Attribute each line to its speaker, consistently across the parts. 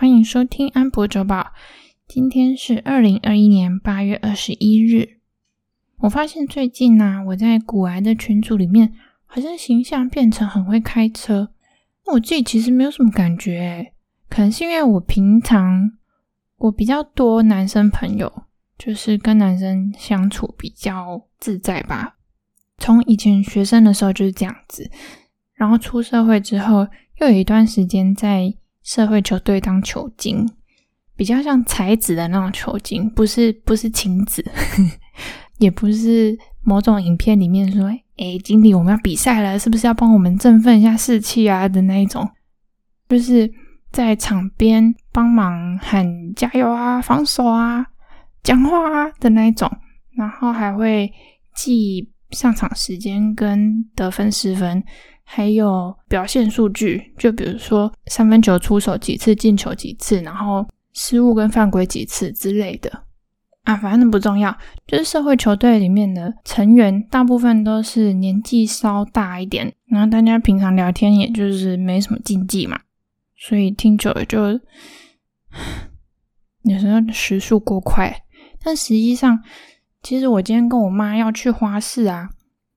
Speaker 1: 歡迎收聽安博週報。今天是二零二一年八月二十一日。我發現最近呢、啊，我在股癌的群組裡面，好像形象變成很會開車。我自己其實沒有什麼感覺誒，可能是因為我平常我比較多男生朋友，就是跟男生相處比較自在吧。從以前學生的時候就是這樣子，然後出社會之後，又有一段時間在社會球隊當球經，比較像才子的那種球經，不是不是晴子呵呵，也不是某種影片裡面說：“誒經理我們要比賽了，是不是要幫我們振奮一下士氣啊”的那一種，就是在場邊幫忙喊加油啊、防守啊、講話啊的那一種，然後還會記上場時間跟得分失分。還有表現數據，就比如說三分球出手幾次，進球幾次，然後失誤跟犯規幾次之類的啊，反正不重要。就是社會球隊裡面的成員，大部分都是年紀稍大一點，然後大家平常聊天也就是沒什麼禁忌嘛，所以聽久了就有時候時速過快。但實際上，其實我今天跟我媽要去花市啊，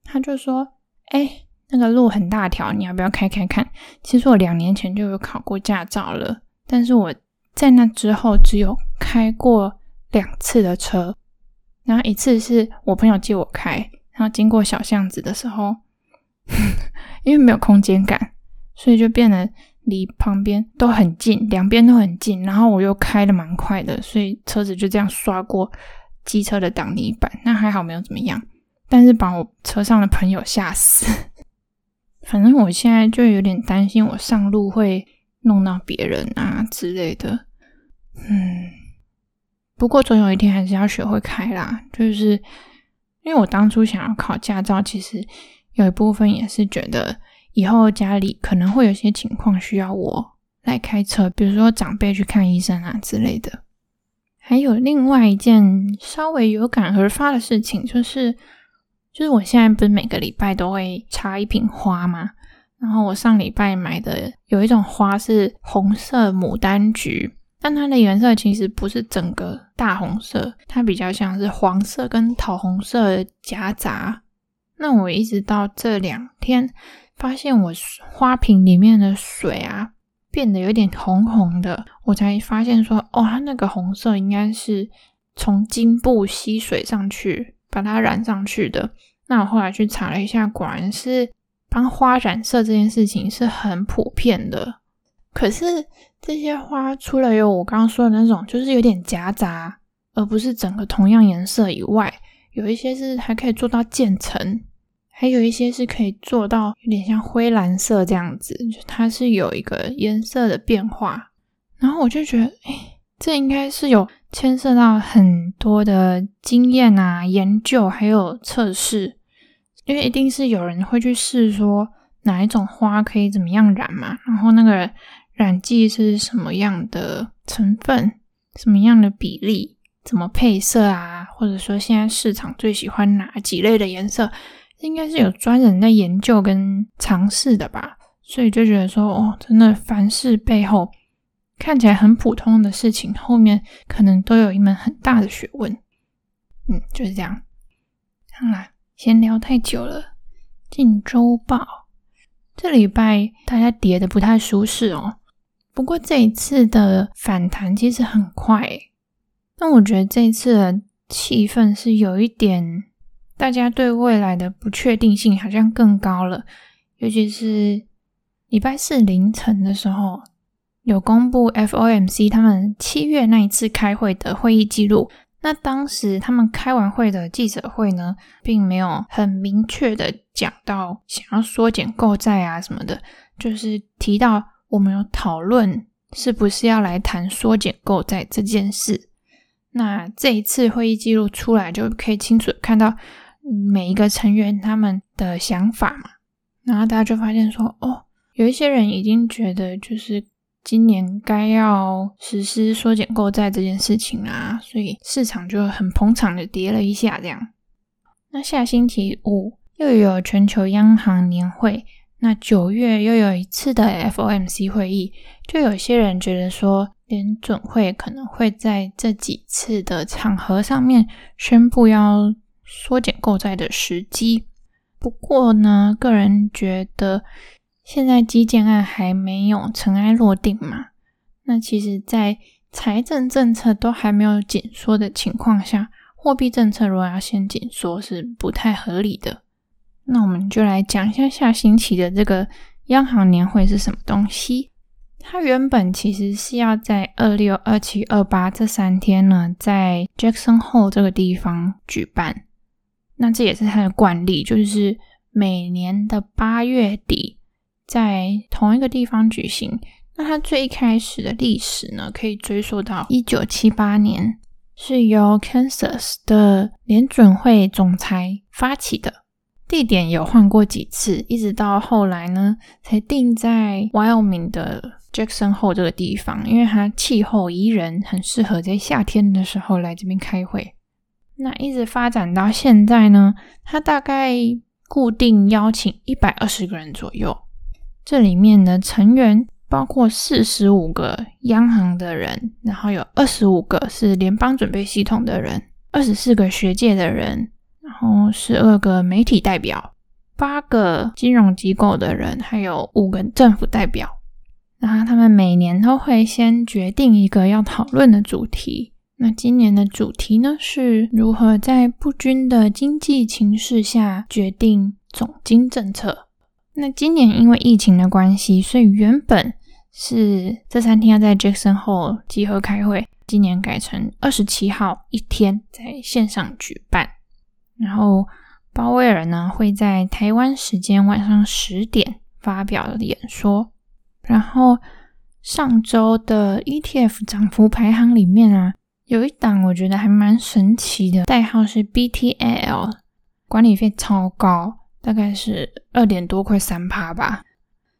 Speaker 1: 她就說：“哎、欸。”那個路很大條，你要不要開開看？其實我兩年前就有考過駕照了，但是我在那之後只有開過兩次的車。然後一次是我朋友借我開，然後經過小巷子的時候，呵呵，因為沒有空間感，所以就變得離旁邊都很近，兩邊都很近。然後我又開得蠻快的，所以車子就這樣刷過機車的擋泥板。那還好沒有怎麼樣，但是把我車上的朋友嚇死。反正我現在就有點擔心，我上路會弄到別人啊之類的。嗯，不過總有一天還是要學會開啦。就是因為我當初想要考駕照，其實有一部分也是覺得以後家裡可能會有些情況需要我來開車，比如說長輩去看醫生啊之類的。還有另外一件稍微有感而發的事情，就是。就是我現在不是每個禮拜都會插一瓶花嗎？然後我上禮拜買的有一種花是紅色牡丹菊，但它的顏色其實不是整個大紅色，它比較像是黃色跟桃紅色夾雜。那我一直到這兩天發現我花瓶裡面的水啊變得有點紅紅的，我才發現說哦，它那個紅色應該是從莖部吸水上去。把它染上去的。那我後來去查了一下，果然是幫花染色這件事情是很普遍的。可是這些花除了有我剛剛說的那種，就是有點夾雜，而不是整個同樣顏色以外，有一些是還可以做到漸層，還有一些是可以做到有點像灰藍色這樣子，就它是有一個顏色的變化。然後我就覺得，哎。這應該是有牽涉到很多的經驗啊、研究，還有測試，因為一定是有人會去試說哪一種花可以怎麼樣染嘛，然後那個染劑是什麼樣的成分、什麼樣的比例、怎麼配色啊，或者說現在市場最喜歡哪幾類的顏色，應該是有專人在研究跟嘗試的吧。所以就覺得說，哦，真的凡事背後。看起來很普通的事情，後面可能都有一門很大的學問。嗯，就是這樣。好了，閒聊太久了。進週報，這禮拜大家跌得不太舒適哦。不過這一次的反彈其實很快欸，但我覺得這一次的氣氛是有一點，大家對未來的不確定性好像更高了。尤其是禮拜四凌晨的時候。有公布 FOMC 他們七月那一次開會的會議記錄。那當時他們開完會的記者會呢，並沒有很明確的講到想要縮減購債啊什麼的，就是提到我們有討論是不是要來談縮減購債這件事。那這一次會議記錄出來，就可以清楚看到每一個成員他們的想法嘛。然後大家就發現說，哦，有一些人已經覺得就是。今年該要實施縮減購債這件事情啊，所以市場就很捧場的跌了一下。這樣，那下星期五又有全球央行年會，那九月又有一次的 FOMC 會議，就有些人覺得說聯準會可能會在這幾次的場合上面宣布要縮減購債的時機。不過呢，個人覺得。現在基建案還沒有塵埃落定嘛？那其實，在財政政策都還沒有緊縮的情況下，貨幣政策如果要先緊縮是不太合理的。那我們就來講一下下星期的這個央行年會是什麼東西。它原本其實是要在二六、二七、二八這三天呢，在 Jackson Hole 這個地方舉辦。那這也是它的慣例，就是每年的八月底。在同一個地方舉行。那它最開始的歷史呢，可以追溯到一九七八年，是由 Kansas 的聯準會總裁發起的。地點有換過幾次，一直到後來呢，才定在 Wyoming 的 Jackson 後這個地方，因為它氣候宜人，很適合在夏天的時候來這邊開會。那一直發展到現在呢，它大概固定邀請一百二十個人左右。這裡面的成員包括四十五個央行的人，然後有二十五個是聯邦準備系統的人，二十四個學界的人，然後十二個媒體代表，八個金融機構的人，還有五個政府代表。然後他們每年都會先決定一個要討論的主題。那今年的主題呢，是如何在不均的經濟情勢下決定總經政策。那今年因為疫情的關係，所以原本是這三天要在 Jackson Hole 集合開會，今年改成二十七號一天在線上舉辦。然後鮑威爾呢會在台灣時間晚上十點發表演說。然後上週的 ETF 漲幅排行裡面啊，有一檔我覺得還蠻神奇的，代號是 BTL，管理費超高。大概是二點多快三趴吧。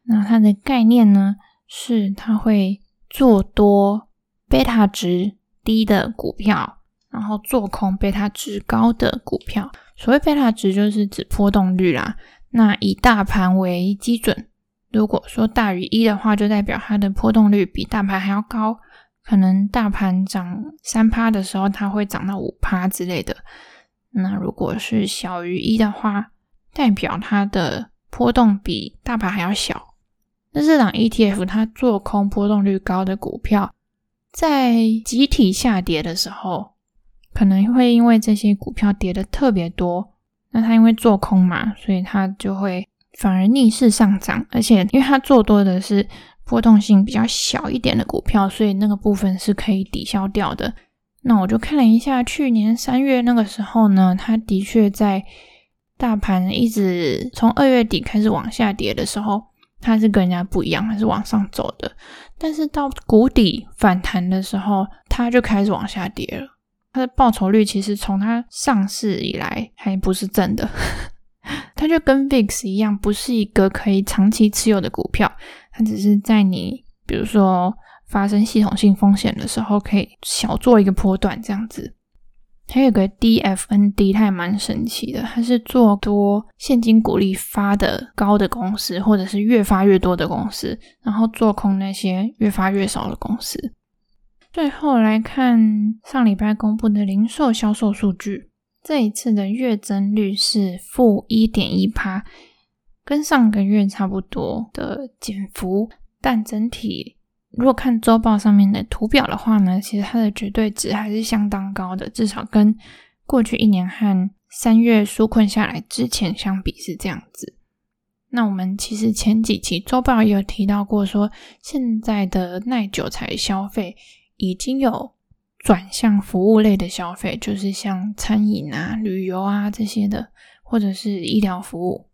Speaker 1: 那它的概念呢，是它會做多貝塔值低的股票，然後做空貝塔值高的股票。所謂貝塔值就是指波動率啦。那以大盤為基準，如果說大於一的話，就代表它的波動率比大盤還要高。可能大盤漲三趴的時候，它會漲到五趴之類的。那如果是小於一的話，代表它的波動比大盤還要小。那這檔 ETF 它做空波動率高的股票，在集體下跌的時候，可能會因為這些股票跌得特別多，那它因為做空嘛，所以它就會反而逆勢上漲。而且因為它做多的是波動性比較小一點的股票，所以那個部分是可以抵消掉的。那我就看了一下去年三月那個時候呢，它的確在。大盤一直從二月底開始往下跌的時候，它是跟人家不一樣，它是往上走的。但是到谷底反彈的時候，它就開始往下跌了。它的報酬率其實從它上市以來還不是正的， 它就跟 VIX 一樣，不是一個可以長期持有的股票，它只是在你比如說發生系統性風險的時候，可以小做一個波段這樣子。還有個 DFND，它也蠻神奇的。它是做多現金股利發的高的公司，或者是越發越多的公司，然後做空那些越發越少的公司。最後來看上禮拜公布的零售銷售數據，這一次的月增率是負一點一趴，跟上個月差不多的減幅，但整體。如果看週報上面的圖表的話呢，其實它的絕對值還是相當高的，至少跟過去一年和三月紓困下來之前相比是這樣子。那我們其實前幾期週報也有提到過說，說現在的耐久財消費已經有轉向服務類的消費，就是像餐飲啊、旅遊啊這些的，或者是醫療服務。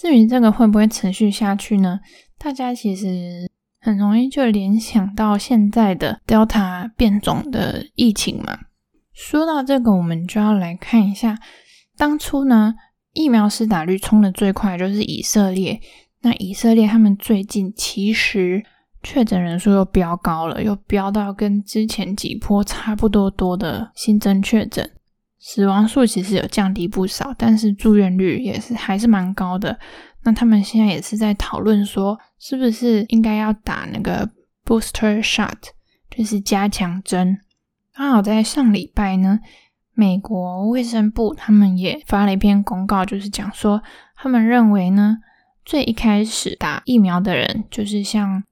Speaker 1: 至於這個會不會持續下去呢？大家其實。很容易就聯想到現在的 Delta 變種的疫情嘛。說到這個，我們就要來看一下，當初呢疫苗施打率衝的最快的就是以色列。那以色列他們最近其實確診人數又飆高了，又飆到跟之前幾波差不多多的新增確診，死亡數其實有降低不少，但是住院率也是還是蠻高的。那他們現在也是在討論說，是不是應該要打那個 booster shot，就是加強針。剛好在上禮拜呢，美國衛生部他們也發了一篇公告，就是講說，他們認為呢，最一開始打疫苗的人，就是像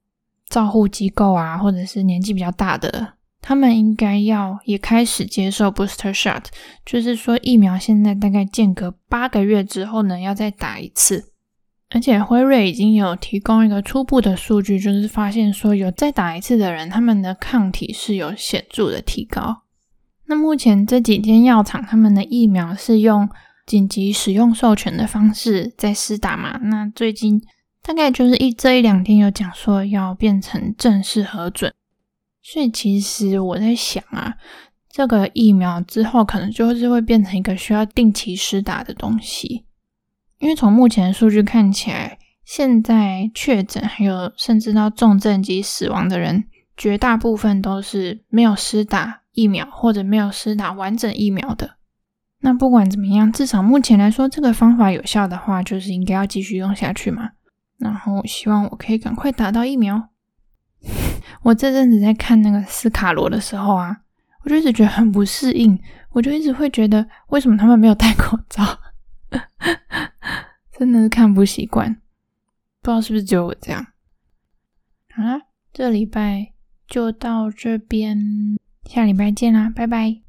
Speaker 1: 照護機構啊，或者是年紀比較大的，他們應該要也開始接受 booster shot，就是說疫苗現在大概間隔八個月之後呢，要再打一次。而且輝瑞已經有提供一個初步的數據，就是發現說有再打一次的人，他們的抗體是有顯著的提高。那目前這幾間藥廠他們的疫苗是用緊急使用授權的方式在施打嘛，那最近大概就是一這一兩天有講說要變成正式核准，所以其實我在想啊，這個疫苗之後可能就是會變成一個需要定期施打的東西。因為從目前數據看起來，現在確診還有甚至到重症及死亡的人，絕大部分都是沒有施打疫苗或者沒有施打完整疫苗的。那不管怎麼樣，至少目前來說，這個方法有效的話，就是應該要繼續用下去嘛。然後我希望我可以趕快打到疫苗。 我這陣子在看那個斯卡羅的時候啊，我就一直覺得很不適應，我就一直會覺得為什麼他們沒有戴口罩。 真的是看不習慣，不知道是不是只有我這樣。好啦，這禮拜就到這邊，下禮拜見啦，拜拜。